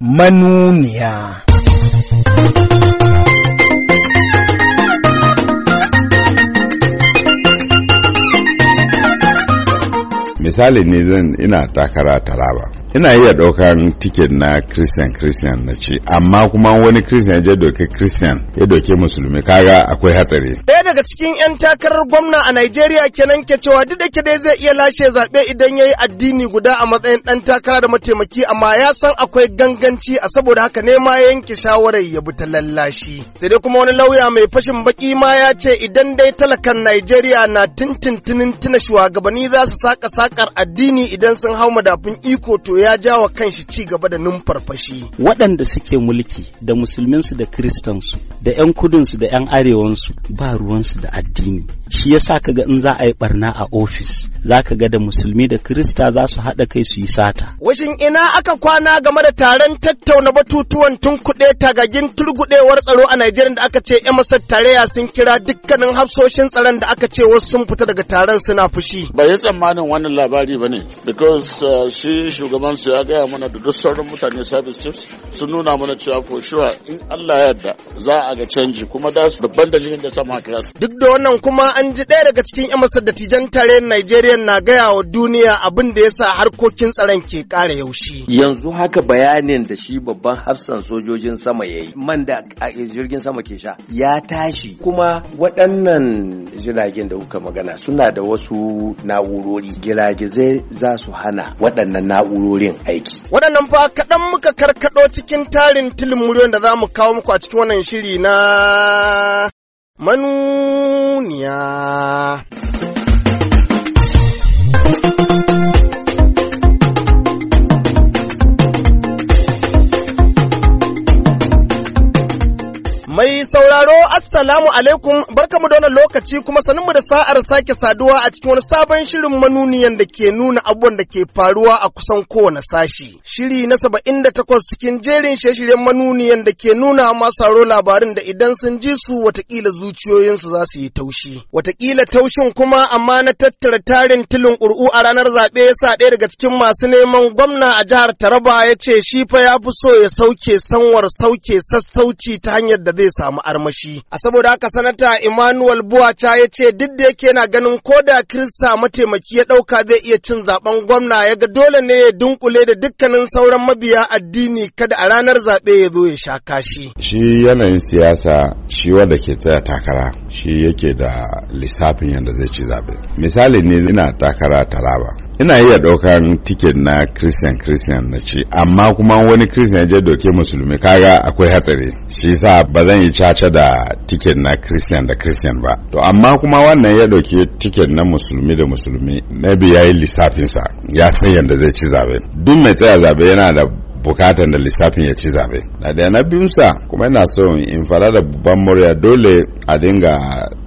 manuniya. misali ne zan ina takara taraba ina iya ɗaukan tiket na christian christian na ci amma kuma wani christian ya doke christian ya doke musulmi kaga akwai hatsari ɗaya daga cikin 'yan takarar gwamna a nigeria kenan ke cewa duk da ke dai zai iya lashe zaɓe idan ya yi addini guda a matsayin ɗan takara da mataimaki amma ya san akwai ganganci a saboda haka ne ma yanke shawarar ya bi ta lallashi sai dai kuma wani lauya mai fashin baki ma ya ce idan dai talakan nigeria na tuntuntunin tuna shugabanni za su saka sakar addini idan sun hau madafin iko to ya ya ja wa kanshi ci gaba da numfarfashi. Waɗanda suke mulki da musulminsu da kiristansu da 'yan kudinsu da 'yan arewansu ba ruwansu da addini. Shi yasa kaga in za a yi barna a ofis za ka ga da musulmi da kirista za su haɗa kai su yi sata. Washin ina aka kwana game da taron tattauna batutuwan tun kuɗe tagagin turguɗewar tsaro a Najeriya da aka ce 'yan tareya sun kira dukkanin hafsoshin tsaron da aka ce wasu sun fita daga taron suna fushi. Ba yi tsammanin wannan labari ba ne, because uh, shi shugaban su ya gaya mana da duk sauran mutane service chiefs sun nuna mana cewa for sure in Allah ya yarda za a ga canji kuma da su babban dalilin da sama kira duk da wannan kuma an ji ɗaya daga cikin yan masar da tijan tare Nigeria na gaya wa duniya abin da yasa harkokin tsaron ke ƙara yaushi yanzu haka bayanin da shi babban hafsan sojojin sama yayi man da jirgin sama ke sha ya tashi kuma waɗannan jiragen da kuka magana suna da wasu na'urori giragizai za su hana waɗannan na'urori wurin aiki. Waɗannan fa kaɗan muka karkaɗo cikin tarin tilin muryoyin da za mu kawo muku a cikin wannan shiri na manuniya. Mai sauraro Assalamu alaikum barkamu da wannan lokaci kuma saninmu da sa'ar sake saduwa a cikin wani sabon shirin manuniyan da ke nuna abubuwan da ke faruwa a kusan kowane sashi. Shiri na saba'in da takwas cikin jerin shirye-shiryen manuniyan da ke nuna masu labarin da idan sun ji su watakila zuciyoyinsu za su yi taushi. Watakila taushin kuma amma na tattara tarin tilin ƙur'u a ranar zaɓe ya sa ɗaya daga cikin masu neman gwamna a jihar Taraba ya ce shi fa ya fi so ya sauke sanwar sauke sassauci ta hanyar da zai zai samu armashi. A saboda haka sanata Emmanuel Buwacha ya ce duk da yake yana ganin ko da Kirista mataimaki ya ɗauka zai iya cin zaɓen gwamna ya ga dole ne ya dunkule da dukkanin sauran mabiya addini kada a ranar zaɓe ya zo ya sha kashi. Shi yanayin siyasa shi wanda ke tsaya takara shi yake da lissafin yadda zai ci zaɓe. Misali ne ina takara Taraba ina iya ɗaukan tiket na christian christian na ce amma kuma wani christian je doke musulmi kaga akwai hatsari shi sa ba zan yi caca da tiket na christian da christian ba to amma kuma wannan ya doke tiket na musulmi da musulmi na biya yi lissafinsa ya san yadda zai ci zabe duk mai tsaya zabe yana da bukatan da lissafin ya ci zabe na da na biyunsa kuma yana so in fara da babban murya dole a dinga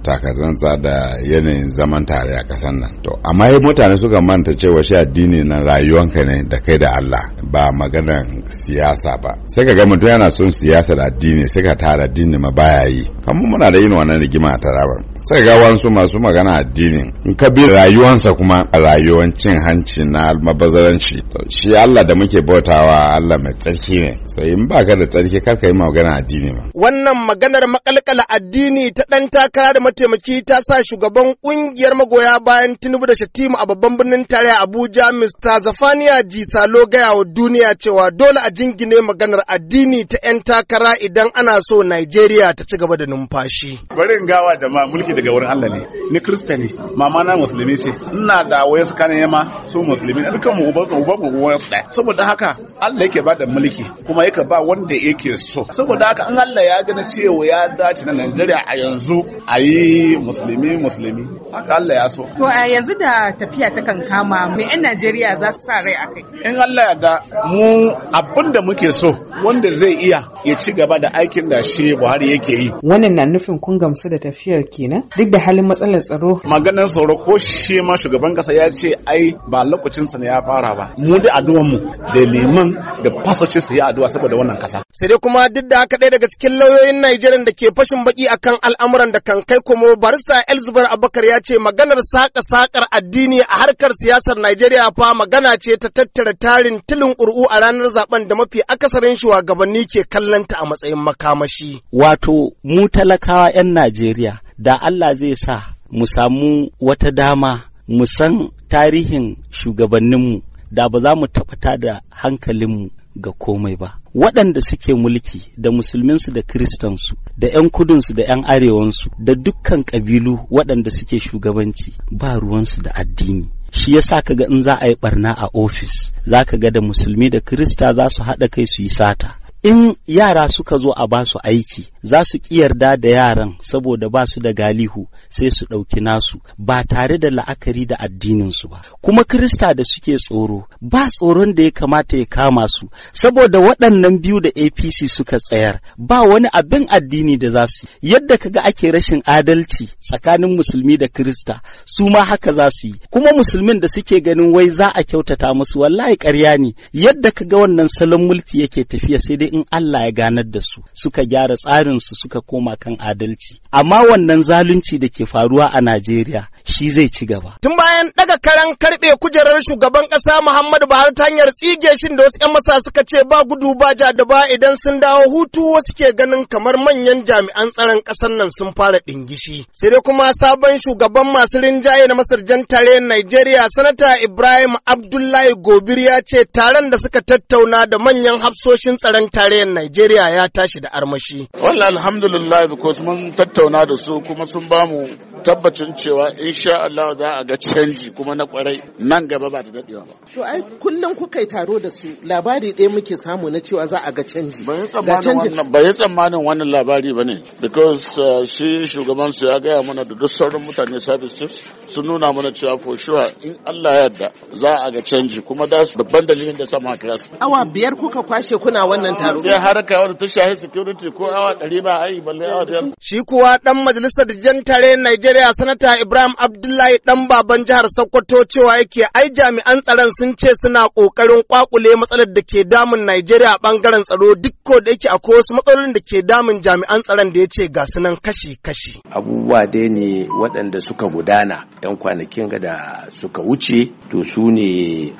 takazantsa da yanayin zaman tare a ƙasar nan to amma mutane suka manta cewa shi addini na rayuwanka ne da kai da Allah ba maganan siyasa ba sai ka ga mutum yana son siyasa da addini sai ka tara addini ma baya yi kamar muna da yin wannan rigima a taraban sai ga wasu masu magana addini in ka bi rayuwansa kuma rayuwan cin hanci na mabazaranci to shi Allah da muke bautawa Allah mai tsarki ne Sai in baka da tsarki kar ka yi magana addini ma wannan maganar makalkala addini ta dan takara da mataimaki ta sa shugaban kungiyar magoya bayan Tinubu da Shatima a babban birnin tarayya Abuja Mr. Zafaniya Jisalo gaya wa duniya cewa dole a jingine maganar addini ta 'yan takara idan ana so Najeriya ta ci gaba da numfashi. Barin gawa da ma ake daga wurin Allah ne ni krista ne mama na musulmi ce ina da waya tsakanin yama su musulmi dukkan mu uban uban mu waya saboda haka Allah yake ba da mulki kuma yake ba wanda yake so saboda haka an Allah ya gani cewa ya dace na Najeriya a yanzu a yi musulmi musulmi haka Allah ya so to a yanzu da tafiya ta kan kama me yan Najeriya za su sa rai akai in Allah ya da mu abin da muke so wanda zai iya ya ci gaba da aikin da shi Buhari yake yi wannan na nufin kun gamsu da tafiyar kenan duk da halin matsalar tsaro. Maganar tsaro ko shi ma shugaban kasa ya ce ai ba lokacin sa ne ya fara ba. Mu da addu'an mu da liman da fasoci su yi addu'a saboda wannan kasa. Sai dai kuma duk da haka daya daga cikin lauyoyin Najeriya da ke fashin baki akan al'amuran da kan kai kuma barista Elzubar Abubakar ya ce maganar saka sakar addini a harkar siyasar Najeriya fa magana ce ta tattara tarin tilin ƙur'u a ranar zaben da mafi akasarin shugabanni ke kallanta a matsayin makamashi. Wato mu talakawa 'yan Najeriya da Allah zai sa mu samu wata dama mu san tarihin shugabanninmu da ba za mu taɓata da hankalinmu ga komai ba waɗanda suke mulki da musulminsu da kiristansu da 'yan kudunsu da 'yan arewansu da dukkan ƙabilu waɗanda suke shugabanci ba ruwansu da addini shi ya sa ka ga in za a yi ɓarna a ofis za ka ga da musulmi da kirista za su haɗa kai su yi sata in yara suka zo a basu aiki za su yarda da yaran saboda ba su da galihu sai su ɗauki nasu ba tare da la'akari da addininsu ba kuma krista da suke tsoro ba tsoron da ya kamata ya kama su saboda waɗannan biyu da apc suka tsayar ba wani abin addini da za su yadda kaga ake rashin adalci tsakanin musulmi da krista su ma haka za su yi kuma musulmin da suke ganin wai za a kyautata musu wallahi ƙarya ne yadda kaga wannan salon mulki yake tafiya sai dai in Allah ya ganar da su suka gyara tsarin su suka koma kan adalci amma wannan zalunci da ke faruwa a Najeriya shi zai ci gaba tun bayan daga karan karɓe kujerar shugaban ƙasa Muhammadu Buhari ta hanyar tsige shi da wasu yan masa suka ce ba gudu ba ja da ba idan sun dawo hutu wasu ke ganin kamar manyan jami'an tsaron kasar nan sun fara dingishi sai dai kuma sabon shugaban masu rinjaye na Masar jan tare Najeriya sanata Ibrahim Abdullahi Gobir ya ce taron da suka tattauna da manyan hafsoshin tsaron tarayyar Najeriya ya tashi da armashi. Wallahi alhamdulillah because mun tattauna da su kuma sun bamu tabbacin cewa insha Allah za a ga canji kuma na kwarai nan gaba ba ta dadewa ba to ai kullum kuka yi taro da su labari ɗaya muke samu na cewa za a ga canji ga canji ba ya tsammanin wannan labari ba ne because uh, shi shugaban su ya gaya mana da duk sauran mutane service chiefs sun nuna mana cewa for sure in Allah ya yarda za a ga canji kuma da babban dalilin da sama kira su awa biyar kuka kwashe kuna wannan taro ya haraka wani ta shahi security ko awa ɗari ba ai balle awa biyar shi kuwa dan majalisar jantare Nigeria Najeriya sanata Ibrahim Abdullahi ɗan baban jihar Sokoto cewa yake ai jami'an tsaron sun ce suna kokarin kwakule matsalar da ke damun Najeriya bangaren tsaro duk ko da yake akwai wasu matsalolin da ke damun jami'an tsaron da ya ce ga sunan kashi-kashi. Abubuwa dai ne waɗanda suka gudana 'yan kwanakin da suka wuce to su ne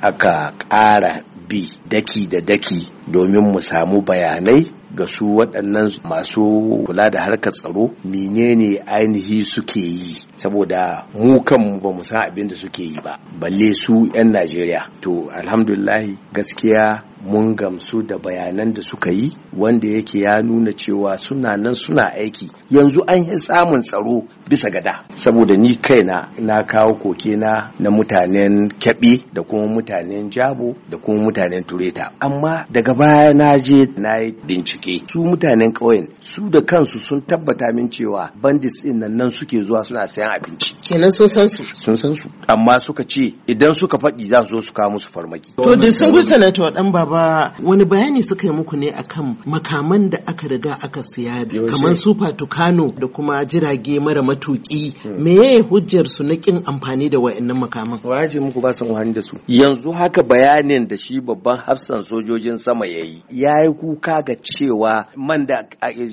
aka ƙara bi daki da daki domin mu samu bayanai ga su waɗannan masu kula da harkar tsaro menene ainihi suke yi saboda mu kanmu ba mu san abin da suke yi ba balle su 'yan najeriya to alhamdulillahi gaskiya mun gamsu da bayanan da suka yi wanda yake ya nuna cewa suna nan suna aiki yanzu an yi samun tsaro bisa gada saboda ni kaina na kawo koke na na mutanen kyaɓe da kuma mutanen jabo da kuma mutanen tureta amma daga baya na je na yi bincike su mutanen ƙauyen su da kansu sun tabbata min cewa bandits din nan nan suke zuwa suna sayan abinci kenan sun san su sun san su amma suka ce idan suka faɗi za su zo su kawo musu farmaki to sun gusana to dan baba gaba wani bayani suka yi muku ne akan makaman da aka riga aka siya kamar sufa tukano da kuma jirage mara matuki hmm. meye hujjar su na kin amfani da wayannan makaman waje muku ba san wani da su yanzu haka bayanin da shi babban hafsan sojojin sama yayi yayi kuka ga cewa man da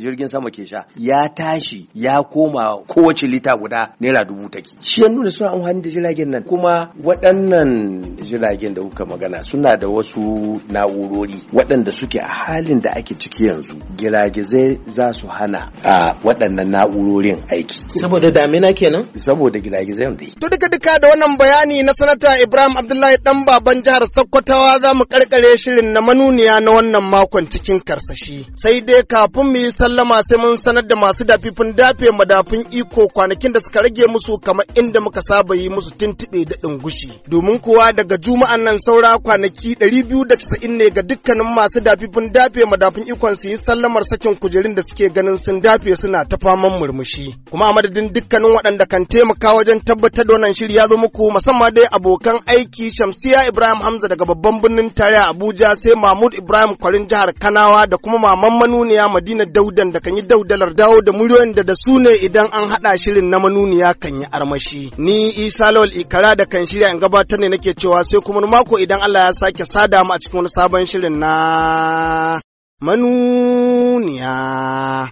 jirgin sama ke sha ya tashi ya koma kowace lita guda naira dubu take shi ya nuna suna amfani da jiragen nan kuma waɗannan jiragen da kuka magana suna da wasu na na'urori waɗanda suke a halin da ake ciki yanzu giragizai za su hana a waɗannan na'urorin aiki saboda damina kenan saboda giragizai yanzu. to duka duka da wannan bayani na sanata Ibrahim Abdullahi dan baban jihar Sokotawa za mu karkare shirin na manuniya na wannan makon cikin karsashi sai dai kafin mu yi sallama sai mun sanar da masu dafifin dafe madafin iko kwanakin da suka rage musu kamar inda muka saba yi musu tuntuɓe da ɗungushi domin kuwa daga juma'an nan saura kwanaki 290 ne ga dukkanin masu dafifin dafe madafin ikon su yi sallamar sakin kujerun da suke ganin sun dafe suna ta faman murmushi. Kuma a madadin dukkanin waɗanda kan taimaka wajen tabbatar da wannan shiri ya zo muku musamman dai abokan aiki Shamsiya Ibrahim Hamza daga babban birnin tarayya Abuja sai Mahmud Ibrahim Kwarin jihar Kanawa da kuma maman manuniya Madina Daudan da kan yi daudalar dawo da muryoyin da da su ne idan an haɗa shirin na manuniya kan yi armashi. Ni Isa Lawal Ikara da kan shirya in gabatar ne nake cewa sai kuma mako idan Allah ya sake sada mu a cikin wani sabon shirin na manuniya.